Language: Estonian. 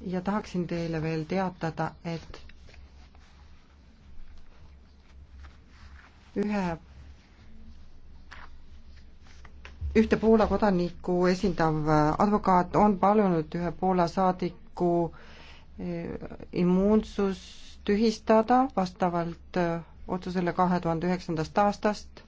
ja tahaksin teile veel teatada, et ühe, ühte Poola kodanikku esindav advokaat on palunud ühe Poola saadiku eh, immuunsus tühistada vastavalt eh, otsusele kahe tuhande üheksandast aastast